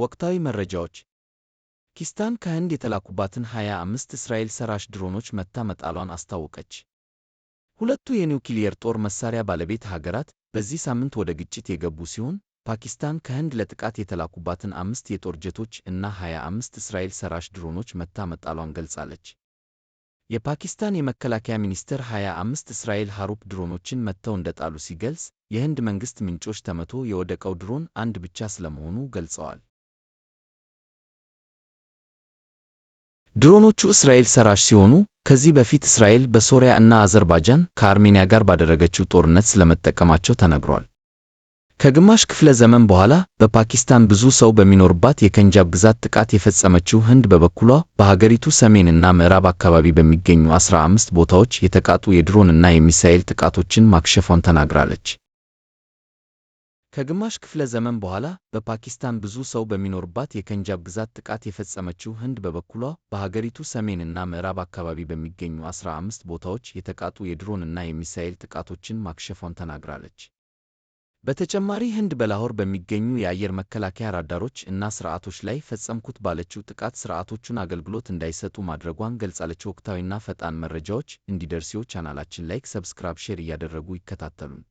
ወቅታዊ መረጃዎች ፓኪስታን ከህንድ የተላኩባትን 25 እስራኤል ሰራሽ ድሮኖች መታ መጣሏን አስታወቀች። ሁለቱ የኒውክሊየር ጦር መሳሪያ ባለቤት ሀገራት በዚህ ሳምንት ወደ ግጭት የገቡ ሲሆን ፓኪስታን ከህንድ ለጥቃት የተላኩባትን አምስት የጦር ጀቶች እና 25 እስራኤል ሰራሽ ድሮኖች መታ መጣሏን ገልጻለች። የፓኪስታን የመከላከያ ሚኒስትር 25 እስራኤል ሐሩፕ ድሮኖችን መጥተው እንደጣሉ ሲገልጽ፣ የህንድ መንግሥት ምንጮች ተመቶ የወደቀው ድሮን አንድ ብቻ ስለመሆኑ ገልጸዋል። ድሮኖቹ እስራኤል ሰራሽ ሲሆኑ ከዚህ በፊት እስራኤል በሶሪያ እና አዘርባይጃን ከአርሜኒያ ጋር ባደረገችው ጦርነት ስለመጠቀማቸው ተነግሯል። ከግማሽ ክፍለ ዘመን በኋላ በፓኪስታን ብዙ ሰው በሚኖርባት የከንጃብ ግዛት ጥቃት የፈጸመችው ህንድ በበኩሏ በሀገሪቱ ሰሜን እና ምዕራብ አካባቢ በሚገኙ 15 ቦታዎች የተቃጡ የድሮን እና የሚሳኤል ጥቃቶችን ማክሸፏን ተናግራለች። ከግማሽ ክፍለ ዘመን በኋላ በፓኪስታን ብዙ ሰው በሚኖርባት የከንጃብ ግዛት ጥቃት የፈጸመችው ህንድ በበኩሏ በሀገሪቱ ሰሜንና ምዕራብ አካባቢ በሚገኙ 15 አምስት ቦታዎች የተቃጡ የድሮንና የሚሳኤል ጥቃቶችን ማክሸፏን ተናግራለች። በተጨማሪ ህንድ በላሆር በሚገኙ የአየር መከላከያ ራዳሮች እና ስርዓቶች ላይ ፈጸምኩት ባለችው ጥቃት ስርዓቶቹን አገልግሎት እንዳይሰጡ ማድረጓን ገልጻለች። ወቅታዊና ፈጣን መረጃዎች እንዲደርሲዎ ቻናላችን ላይክ፣ ሰብስክራብ፣ ሼር እያደረጉ ይከታተሉን።